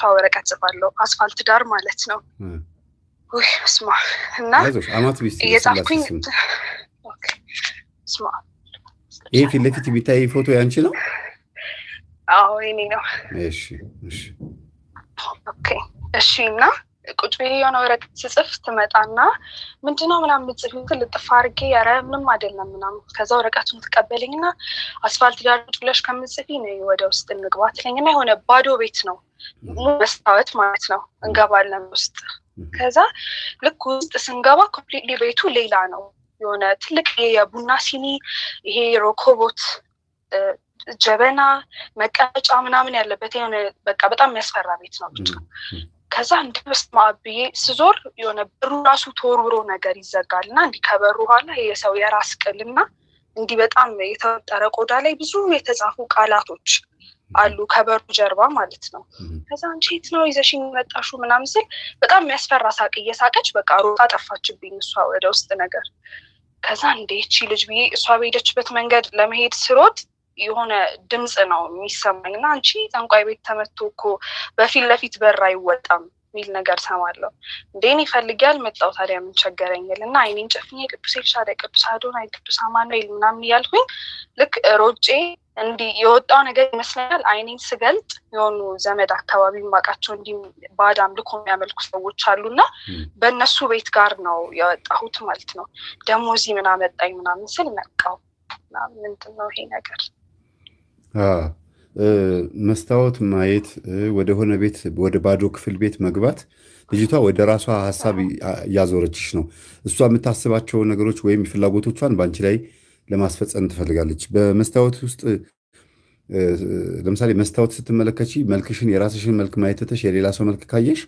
በእሷ ወረቀት ጽፋለሁ። አስፋልት ዳር ማለት ነው። ስማ እና እየጻፍኩኝ ይህ ፊት ለፊት የሚታይ ፎቶ ያንቺ ነው? አዎ የኔ ነው። እሺ እሺ፣ እና ቁጭ ብዬ የሆነ ወረቀት ስጽፍ ትመጣና ምንድነው ምናም የምትጽፊው ልጥፍ አድርጌ ያረ ምንም አይደለም ምናምን ከዛ ወረቀቱን ትቀበለኝና አስፋልት ዳር ቁጭ ብለሽ ከምትጽፊ ነው ወደ ውስጥ እንግባ ትለኝና የሆነ ባዶ ቤት ነው መስታወት ማለት ነው እንገባለን ውስጥ ከዛ ልክ ውስጥ ስንገባ ኮምፕሊትሊ ቤቱ ሌላ ነው የሆነ ትልቅ የቡና ሲኒ ይሄ ሮኮቦት ጀበና መቀመጫ ምናምን ያለበት የሆነ በቃ በጣም የሚያስፈራ ቤት ነው ብቻ ከዛ እንዲህ በስመ አብ ብዬ ስዞር የሆነ በሩ ራሱ ተወርብሮ ነገር ይዘጋል እና እንዲህ ከበሩ በኋላ የሰው የራስ ቅል ቅልና እንዲህ በጣም የተወጠረ ቆዳ ላይ ብዙ የተጻፉ ቃላቶች አሉ ከበሩ ጀርባ ማለት ነው። ከዛ አንቺ የት ነው ይዘሽኝ መጣሹ ምናምን ስል በጣም የሚያስፈራ ሳቅ እየሳቀች በቃ ሮጣ ጠፋችብኝ እሷ ወደ ውስጥ ነገር። ከዛ እንዴ ይቺ ልጅ ብዬ እሷ በሄደችበት መንገድ ለመሄድ ስሮጥ የሆነ ድምፅ ነው የሚሰማኝ እና አንቺ ጠንቋይ ቤት ተመቶ እኮ በፊት ለፊት በር አይወጣም የሚል ነገር ሰማለሁ። እንዴን ይፈልጊያል መጣው ታዲያ ምን ቸገረኛል እና አይኔን ጨፍኜ ቅዱስ ኤልሻዳይ፣ ቅዱስ አዶናይ፣ ቅዱስ አማኑኤል ምናምን እያልኩኝ ልክ ሮጬ እንዲህ የወጣው ነገር ይመስለኛል። አይኔን ስገልጥ የሆኑ ዘመድ አካባቢ ማቃቸው እንዲህ ባዕድ አምልኮ የሚያመልኩ ሰዎች አሉና በእነሱ ቤት ጋር ነው የወጣሁት ማለት ነው። ደግሞ እዚህ ምናመጣኝ ምናምን ስል ነቃው ምንድን ነው ይሄ ነገር መስታወት ማየት፣ ወደሆነ ቤት ወደ ባዶ ክፍል ቤት መግባት ልጅቷ ወደ ራሷ ሀሳብ እያዞረችሽ ነው። እሷ የምታስባቸው ነገሮች ወይም ፍላጎቶቿን በአንቺ ላይ ለማስፈጸም ትፈልጋለች። በመስታወት ውስጥ ለምሳሌ መስታወት ስትመለከች መልክሽን፣ የራስሽን መልክ ማየት ትተሽ የሌላ ሰው መልክ ካየሽ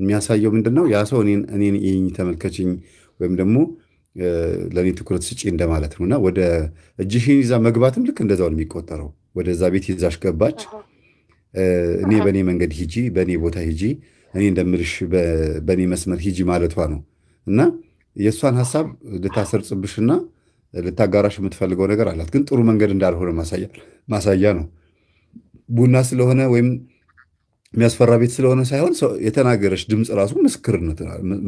የሚያሳየው ምንድን ነው? ያ ሰው እኔን ይህኝ ተመልከችኝ ወይም ደግሞ ለእኔ ትኩረት ስጪ እንደማለት ነው እና ወደ እጅሽን ይዛ መግባትም ልክ እንደዛው ነው የሚቆጠረው። ወደዛ ቤት ይዛሽ ገባች። እኔ በእኔ መንገድ ሂጂ፣ በእኔ ቦታ ሂጂ፣ እኔ እንደምልሽ በእኔ መስመር ሂጂ ማለቷ ነው እና የእሷን ሀሳብ ልታሰርጽብሽና ልታጋራሽ የምትፈልገው ነገር አላት። ግን ጥሩ መንገድ እንዳልሆነ ማሳያ ነው። ቡና ስለሆነ ወይም የሚያስፈራ ቤት ስለሆነ ሳይሆን የተናገረች ድምፅ ራሱ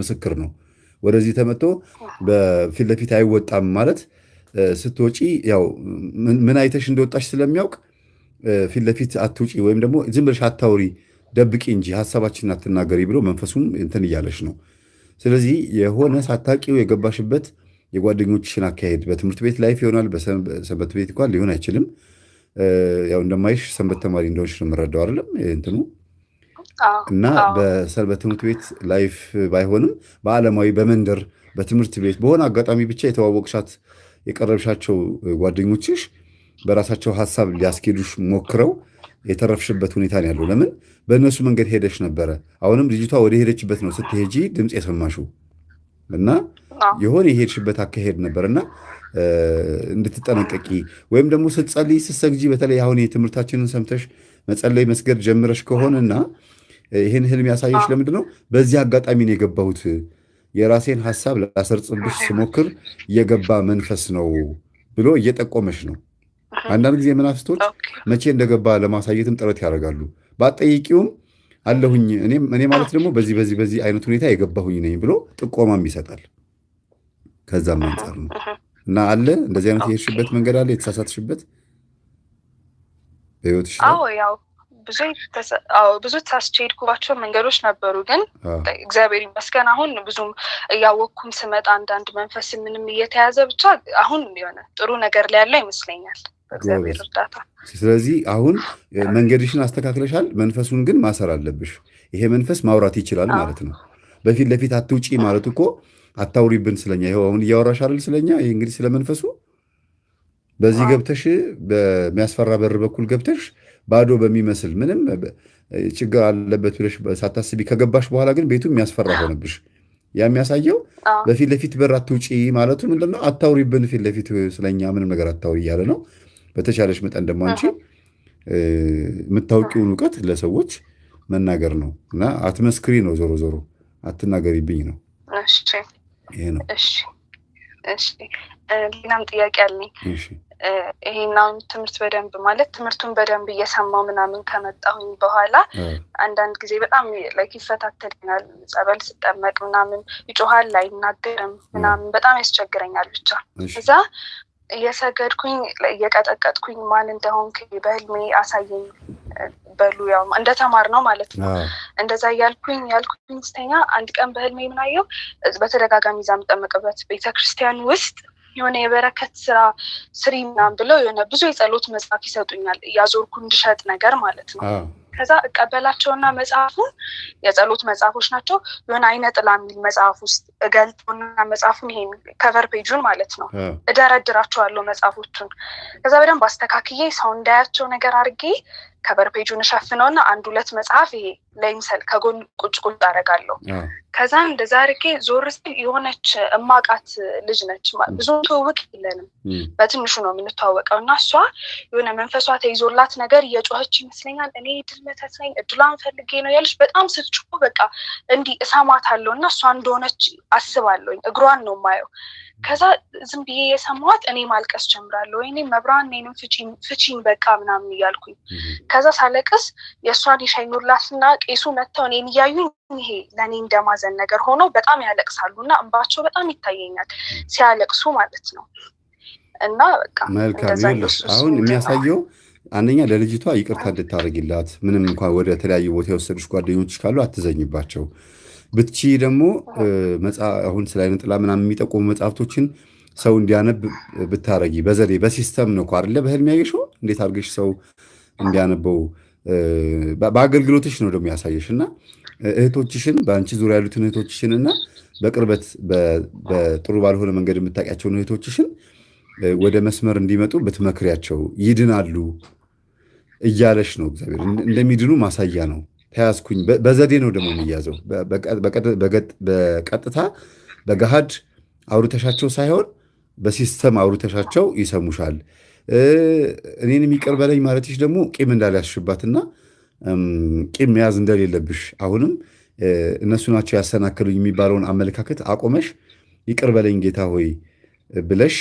ምስክር ነው። ወደዚህ ተመጥቶ በፊት ለፊት አይወጣም ማለት ስትወጪ ያው ምን አይተሽ እንደወጣሽ ስለሚያውቅ ፊት ለፊት አትውጪ ወይም ደግሞ ዝም ብለሽ አታውሪ ደብቂ እንጂ ሀሳባችን አትናገሪ ብሎ መንፈሱም እንትን እያለሽ ነው። ስለዚህ የሆነ ሳታውቂው የገባሽበት የጓደኞችሽን አካሄድ በትምህርት ቤት ላይፍ ይሆናል። በሰንበት ቤት እንኳን ሊሆን አይችልም። ያው እንደማይሽ ሰንበት ተማሪ እንደሆንሽ ነው የምረዳው አይደለም እንትኑ እና በትምህርት ቤት ላይፍ ባይሆንም በዓለማዊ በመንደር በትምህርት ቤት በሆነ አጋጣሚ ብቻ የተዋወቅሻት የቀረብሻቸው ጓደኞችሽ በራሳቸው ሀሳብ ሊያስኬዱሽ ሞክረው የተረፍሽበት ሁኔታ ነው ያለው። ለምን በእነሱ መንገድ ሄደሽ ነበረ። አሁንም ልጅቷ ወደ ሄደችበት ነው ስትሄጂ ድምፅ የሰማሽው እና የሆነ የሄድሽበት አካሄድ ነበር እና እንድትጠነቀቂ ወይም ደግሞ ስትጸልይ ስትሰግጂ፣ በተለይ አሁን የትምህርታችንን ሰምተሽ መጸለይ መስገድ ጀምረሽ ከሆነና ይህን ህልም ያሳየሽ ለምንድን ነው በዚህ አጋጣሚ ነው የገባሁት የራሴን ሀሳብ ላሰርጽብሽ ስሞክር የገባ መንፈስ ነው ብሎ እየጠቆመሽ ነው። አንዳንድ ጊዜ መናፍስቶች መቼ እንደገባ ለማሳየትም ጥረት ያደርጋሉ። በአጠይቂውም አለሁኝ እኔ ማለት ደግሞ በዚህ በዚህ በዚህ አይነት ሁኔታ የገባሁኝ ነኝ ብሎ ጥቆማም ይሰጣል። ከዛም አንጻር ነው እና አለ እንደዚህ አይነት የሄድሽበት መንገድ አለ የተሳሳትሽበት በህይወትሽ ብዙ ታስቸሄድኩባቸው መንገዶች ነበሩ፣ ግን እግዚአብሔር ይመስገን አሁን ብዙም እያወቅኩም ስመጣ አንዳንድ መንፈስ ምንም እየተያዘ ብቻ አሁን የሆነ ጥሩ ነገር ላይ ያለው ይመስለኛል በእግዚአብሔር እርዳታ። ስለዚህ አሁን መንገድሽን አስተካክለሻል፣ መንፈሱን ግን ማሰር አለብሽ። ይሄ መንፈስ ማውራት ይችላል ማለት ነው። በፊት ለፊት አትውጪ ማለት እኮ አታውሪብን ስለኛ፣ ይኸው አሁን እያወራሽ አይደል ስለኛ። ይሄ እንግዲህ ስለመንፈሱ በዚህ ገብተሽ በሚያስፈራ በር በኩል ገብተሽ ባዶ በሚመስል ምንም ችግር አለበት ብለሽ ሳታስቢ ከገባሽ በኋላ ግን ቤቱ የሚያስፈራ ሆነብሽ። ያ የሚያሳየው በፊት ለፊት በር አትውጪ ማለቱ ምንድነው? አታውሪብን፣ ፊት ለፊት ስለኛ ምንም ነገር አታውሪ እያለ ነው። በተቻለሽ መጠን ደግሞ አንቺ የምታውቂውን እውቀት ለሰዎች መናገር ነው እና አትመስክሪ ነው። ዞሮ ዞሮ አትናገሪብኝ ነው። ይሄ ነው። ሌላም ጥያቄ አለኝ። ይሄናውን ትምህርት በደንብ ማለት ትምህርቱን በደንብ እየሰማው ምናምን ከመጣሁኝ በኋላ አንዳንድ ጊዜ በጣም ላይክ ይፈታተልኛል። ጸበል ስጠመቅ ምናምን ይጮሃል፣ አይናገርም ምናምን በጣም ያስቸግረኛል። ብቻ እዛ እየሰገድኩኝ እየቀጠቀጥኩኝ ማን እንደሆንክ በህልሜ አሳየኝ በሉ ያው እንደተማር ነው ማለት ነው። እንደዛ ያልኩኝ ያልኩኝ ስተኛ አንድ ቀን በህልሜ ምናየው በተደጋጋሚ እዛ የምጠመቅበት ቤተክርስቲያን ውስጥ የሆነ የበረከት ስራ ስሪ ምናምን ብለው የሆነ ብዙ የጸሎት መጽሐፍ ይሰጡኛል እያዞርኩ እንድሸጥ ነገር ማለት ነው። ከዛ እቀበላቸውና መጽሐፉን የጸሎት መጽሐፎች ናቸው። የሆነ አይነ ጥላ የሚል መጽሐፍ ውስጥ እገልጠውና መጽሐፉን ይሄ ከቨር ፔጁን ማለት ነው እደረድራቸዋለሁ መጽሐፎቹን። ከዛ በደንብ አስተካክዬ ሰው እንዳያቸው ነገር አድርጌ ከበር ፔጁን እሸፍነው እና አንድ ሁለት መጽሐፍ ይሄ ለይምሰል ከጎን ቁጭ ቁጭ አደርጋለሁ። ከዛ እንደዛ አድርጌ ዞር ስል የሆነች እማቃት ልጅ ነች። ብዙ ትውውቅ የለንም፣ በትንሹ ነው የምንተዋወቀው እና እሷ የሆነ መንፈሷ ተይዞላት ነገር እየጮኸች ይመስለኛል። እኔ ድል መተት ነኝ እድሏን ፈልጌ ነው ያለች። በጣም ስትጮህ በቃ እንዲህ እሰማታለሁ እና እሷ እንደሆነች አስባለሁኝ። እግሯን ነው የማየው ከዛ ዝም ብዬ የሰማት እኔ ማልቀስ ጀምራለሁ። ወይኔ መብራን እኔንም ፍቺኝ በቃ ምናምን እያልኩኝ ከዛ ሳለቅስ የእሷን የሻይ የሸኙላትና ቄሱ መጥተው እኔን እያዩኝ ይሄ ለእኔ እንደማዘን ነገር ሆኖ በጣም ያለቅሳሉ እና እንባቸው በጣም ይታየኛል ሲያለቅሱ ማለት ነው። እና በቃ መልካም አሁን የሚያሳየው አንደኛ ለልጅቷ ይቅርታ እንድታደርግላት ምንም እንኳን ወደ ተለያዩ ቦታ የወሰዱች ጓደኞች ካሉ አትዘኝባቸው። ብትቺ ደግሞ አሁን ስለ አይነ ጥላ ምናምን የሚጠቁሙ መጽሐፍቶችን ሰው እንዲያነብ ብታረጊ በዘዴ በሲስተም ነው አይደለ? በህልም ያየሽው እንዴት አድርገሽ ሰው እንዲያነበው በአገልግሎትሽ ነው ደግሞ ያሳየሽ እና እህቶችሽን በአንቺ ዙሪያ ያሉትን እህቶችሽን እና በቅርበት በጥሩ ባልሆነ መንገድ የምታውቂያቸውን እህቶችሽን ወደ መስመር እንዲመጡ ብትመክሪያቸው ይድናሉ እያለሽ ነው። እግዚአብሔር እንደሚድኑ ማሳያ ነው። ተያዝኩኝ። በዘዴ ነው ደግሞ የሚያዘው። በቀጥታ በገሃድ አውርተሻቸው ሳይሆን በሲስተም አውርተሻቸው ይሰሙሻል። እኔን ይቅር በለኝ ማለትሽ ደግሞ ቂም እንዳልያዝሽባትና ቂም መያዝ እንደሌለብሽ አሁንም እነሱ ናቸው ያሰናከሉኝ የሚባለውን አመለካከት አቆመሽ ይቅር በለኝ ጌታ ሆይ ብለሽ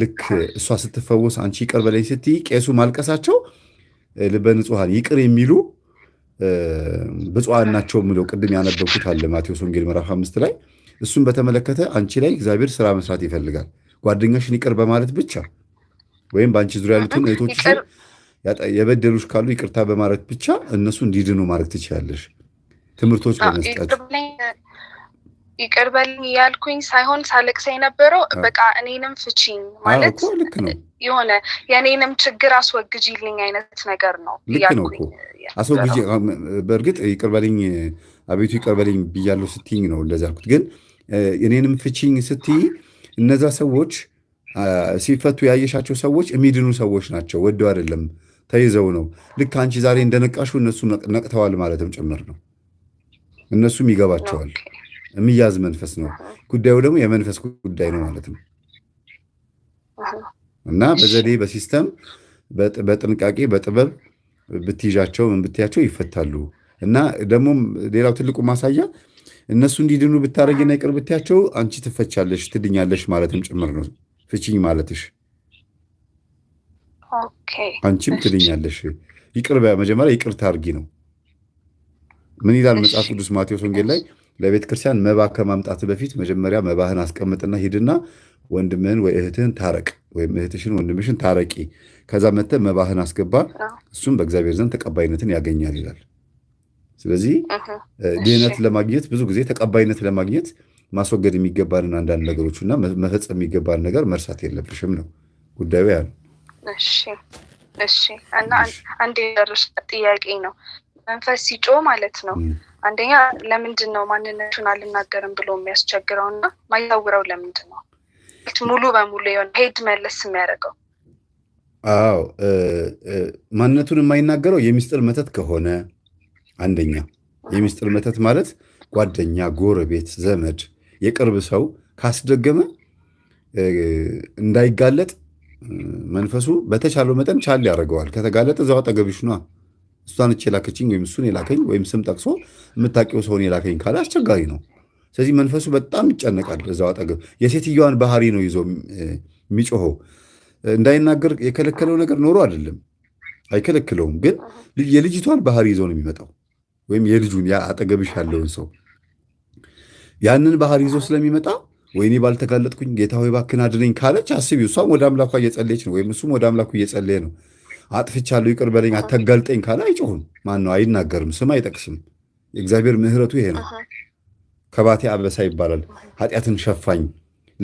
ልክ እሷ ስትፈወስ አንቺ ይቅር በለኝ ስትይ ቄሱ ማልቀሳቸው ልበ ንጹሐን ይቅር የሚሉ ብፁዓን ናቸው የሚለው ቅድም ያነበብኩት አለ ማቴዎስ ወንጌል ምዕራፍ አምስት ላይ እሱን በተመለከተ አንቺ ላይ እግዚአብሔር ስራ መስራት ይፈልጋል። ጓደኛሽን ይቅር በማለት ብቻ ወይም በአንቺ ዙሪያ ያሉትን እህቶች የበደሉሽ ካሉ ይቅርታ በማለት ብቻ እነሱ እንዲድኑ ማድረግ ትችላለሽ። ትምህርቶች በመስጠት ይቅርበልኝ እያልኩኝ ሳይሆን ሳለቅሰ የነበረው በቃ እኔንም ፍቺኝ ማለት ልክ ነው የሆነ የእኔንም ችግር አስወግጅልኝ አይነት ነገር ነው። ልክ ነው እኮ አስወግጅ። በእርግጥ ይቅርበልኝ፣ አቤቱ ይቅርበልኝ በልኝ ብያለሁ ስትይኝ ነው እንደዚያ አልኩት። ግን የእኔንም ፍቺኝ ስትይ እነዛ ሰዎች ሲፈቱ ያየሻቸው ሰዎች የሚድኑ ሰዎች ናቸው። ወደው አይደለም ተይዘው ነው። ልክ አንቺ ዛሬ እንደነቃሹ እነሱ ነቅተዋል ማለትም ጭምር ነው። እነሱም ይገባቸዋል። የሚያዝ መንፈስ ነው። ጉዳዩ ደግሞ የመንፈስ ጉዳይ ነው ማለት ነው። እና በዘዴ በሲስተም በጥንቃቄ በጥበብ ብትይዣቸው ብትያቸው ይፈታሉ። እና ደግሞ ሌላው ትልቁ ማሳያ እነሱ እንዲድኑ ብታደረግና ይቅር ብትያቸው አንቺ ትፈቻለሽ ትድኛለሽ ማለትም ጭምር ነው። ፍቺኝ ማለትሽ አንቺም ትድኛለሽ። ይቅር መጀመሪያ ይቅር ታርጊ ነው። ምን ይላል መጽሐፍ ቅዱስ ማቴዎስ ወንጌል ላይ ለቤተ ክርስቲያን መባ ከማምጣት በፊት መጀመሪያ መባህን አስቀምጥና ሂድና ወንድምህን ወይ እህትህን ታረቅ ወይም እህትሽን ወንድምሽን ታረቂ፣ ከዛ መጥተህ መባህን አስገባ፣ እሱም በእግዚአብሔር ዘንድ ተቀባይነትን ያገኛል ይላል። ስለዚህ ድህነት ለማግኘት ብዙ ጊዜ ተቀባይነት ለማግኘት ማስወገድ የሚገባንን አንዳንድ ነገሮች እና መፈጸም የሚገባን ነገር መርሳት የለብሽም ነው ጉዳዩ ያሉ። እሺ እሺ። እና አንድ የደረሰ ጥያቄ ነው። መንፈስ ሲጮ ማለት ነው። አንደኛ ለምንድን ነው ማንነቱን አልናገርም ብሎ የሚያስቸግረው እና ማይታውረው ለምንድን ነው? ሙሉ በሙሉ የሆነ ሄድ መለስ የሚያደርገው አዎ ማንነቱን የማይናገረው የሚስጥር መተት ከሆነ አንደኛ የሚስጥር መተት ማለት ጓደኛ፣ ጎረቤት፣ ዘመድ፣ የቅርብ ሰው ካስደገመ እንዳይጋለጥ መንፈሱ በተቻለው መጠን ቻል ያደርገዋል። ከተጋለጠ እዛው አጠገብሽ ነዋ። እሷን እች የላከችኝ ወይም እሱን የላከኝ ወይም ስም ጠቅሶ የምታውቂው ሰውን የላከኝ ካለ አስቸጋሪ ነው። ስለዚህ መንፈሱ በጣም ይጨነቃል። እዛው አጠገብ የሴትዮዋን ባህሪ ነው ይዞ የሚጮኸው። እንዳይናገር የከለከለው ነገር ኖሮ አይደለም አይከለክለውም፣ ግን የልጅቷን ባህሪ ይዞ ነው የሚመጣው ወይም የልጁን አጠገብሽ ያለውን ሰው ያንን ባህሪ ይዞ ስለሚመጣ ወይኔ ባልተጋለጥኩኝ ጌታ ሆይ እባክህን አድነኝ ካለች አስቢ። እሷም ወደ አምላኳ እየጸለየች ነው፣ ወይም እሱም ወደ አምላኩ እየጸለየ ነው። አጥፍቻለሁ ይቅር በለኝ አታጋልጠኝ ካለ አይጮሁም። ማን ነው አይናገርም፣ ስም አይጠቅስም። የእግዚአብሔር ምሕረቱ ይሄ ነው። ከባቴ አበሳ ይባላል። ኃጢአትን ሸፋኝ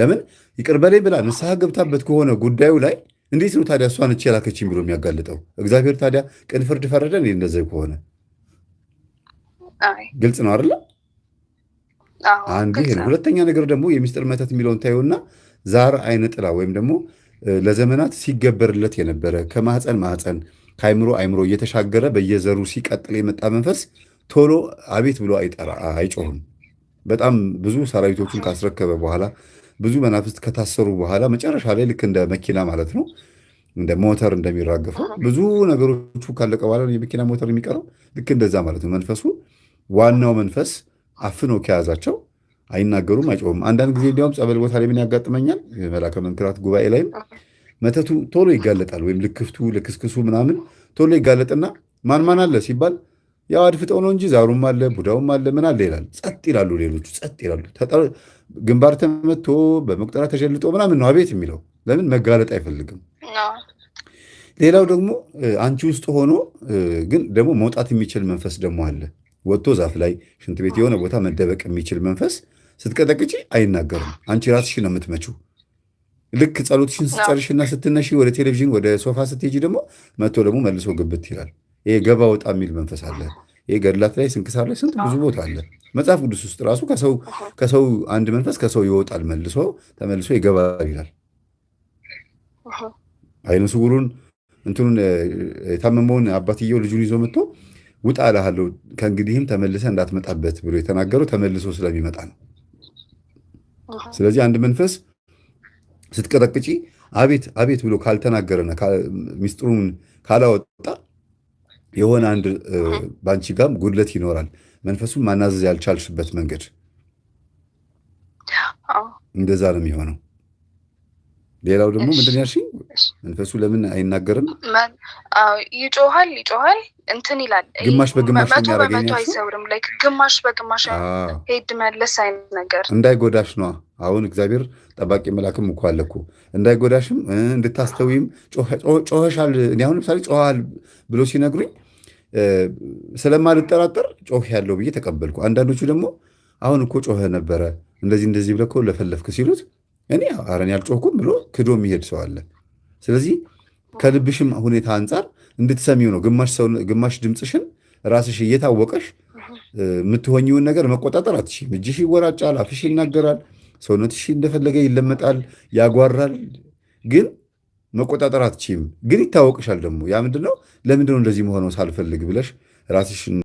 ለምን ይቅር ብላ ንስሐ ገብታበት ከሆነ ጉዳዩ ላይ እንዴት ነው ታዲያ እሷን እች የላከችኝ ብሎ የሚያጋልጠው? እግዚአብሔር ታዲያ ቅን ፍርድ ፈረደ እንዴ? እንደዚህ ከሆነ ግልጽ ነው አይደለ? አንዱ ይሄ ነው። ሁለተኛ ነገር ደግሞ የሚስጥር መተት የሚለውን ታየውና ዛር አይነ ጥላ ወይም ደግሞ ለዘመናት ሲገበርለት የነበረ ከማህፀን ማህፀን ከአይምሮ አይምሮ እየተሻገረ በየዘሩ ሲቀጥል የመጣ መንፈስ ቶሎ አቤት ብሎ አይጮህም። በጣም ብዙ ሰራዊቶቹን ካስረከበ በኋላ ብዙ መናፍስት ከታሰሩ በኋላ መጨረሻ ላይ ልክ እንደ መኪና ማለት ነው እንደ ሞተር እንደሚራገፈው ብዙ ነገሮቹ ካለቀ በኋላ የመኪና ሞተር የሚቀረው ልክ እንደዛ ማለት ነው። መንፈሱ ዋናው መንፈስ አፍኖ ከያዛቸው አይናገሩም፣ አይጮሁም። አንዳንድ ጊዜ እንዲያውም ጸበል ቦታ ላይ ምን ያጋጥመኛል፣ መላከ መንክራት ጉባኤ ላይም መተቱ ቶሎ ይጋለጣል፣ ወይም ልክፍቱ ልክስክሱ ምናምን ቶሎ ይጋለጥና ማን ማን አለ ሲባል ያው አድፍጠው ነው እንጂ ዛሩም አለ ቡዳውም አለ ምን አለ ይላል። ጸጥ ይላሉ፣ ሌሎቹ ጸጥ ይላሉ። ግንባር ተመቶ በመቁጠራ ተሸልጦ ምናምን ነው አቤት የሚለው። ለምን መጋለጥ አይፈልግም። ሌላው ደግሞ አንቺ ውስጥ ሆኖ ግን ደግሞ መውጣት የሚችል መንፈስ ደግሞ አለ። ወጥቶ ዛፍ ላይ ሽንት ቤት የሆነ ቦታ መደበቅ የሚችል መንፈስ ስትቀጠቅጪ አይናገርም። አንቺ ራስሽ ነው የምትመችው። ልክ ጸሎትሽን ስትጨርሽና ስትነሺ ወደ ቴሌቪዥን ወደ ሶፋ ስትሄጂ ደግሞ መጥቶ ደግሞ መልሶ ግብት ይላል። ይሄ ገባ ወጣ የሚል መንፈስ አለ። ይሄ ገድላት ላይ ስንክሳር ላይ ስንት ብዙ ቦታ አለ። መጽሐፍ ቅዱስ ውስጥ ራሱ ከሰው አንድ መንፈስ ከሰው ይወጣል መልሶ ተመልሶ ይገባል ይላል። ዓይነ ስውሩን እንትኑን የታመመውን አባትየው ልጁን ይዞ መጥቶ ውጣ እልሃለሁ ከእንግዲህም ተመልሰ እንዳትመጣበት ብሎ የተናገረው ተመልሶ ስለሚመጣ ነው። ስለዚህ አንድ መንፈስ ስትቀጠቅጪ አቤት አቤት ብሎ ካልተናገረና ሚስጥሩን ካላወጣ የሆነ አንድ በአንቺ ጋም ጉድለት ይኖራል። መንፈሱን ማናዘዝ ያልቻልሽበት መንገድ እንደዛ ነው የሚሆነው። ሌላው ደግሞ ምንድን ያልሽኝ መንፈሱ ለምን አይናገርም? ይጮሃል ይጮሃል እንትን ይላል። ግማሽ በግማሽ በመቶ አይሰብርም። ላይክ ግማሽ በግማሽ ሄድ መለስ አይነት ነገር እንዳይጎዳሽ ነዋ። አሁን እግዚአብሔር ጠባቂ መላክም እኮ አለ እኮ እንዳይጎዳሽም እንድታስተዊም ጮኸሻል። እኔ አሁን ለምሳሌ ጮሃል ብሎ ሲነግሩኝ ስለማልጠራጠር ጮህ ያለው ብዬ ተቀበልኩ። አንዳንዶቹ ደግሞ አሁን እኮ ጮኸ ነበረ እንደዚህ እንደዚህ ብለህ እኮ ለፈለፍክ ሲሉት እኔ አረን ያልጮህኩም ብሎ ክዶ የሚሄድ ሰው አለ። ስለዚህ ከልብሽም ሁኔታ አንጻር እንድትሰሚው ነው። ግማሽ ድምፅሽን ራስሽ እየታወቀሽ የምትሆኝውን ነገር መቆጣጠር አትችይም። እጅሽ ይወራጫል፣ አፍሽ ይናገራል፣ ሰውነትሽ እንደፈለገ ይለመጣል፣ ያጓራል ግን መቆጣጠር አትችም። ግን ይታወቅሻል ደግሞ ያ ምንድነው ለምንድነው እንደዚህ መሆነው ሳልፈልግ ብለሽ ራስሽ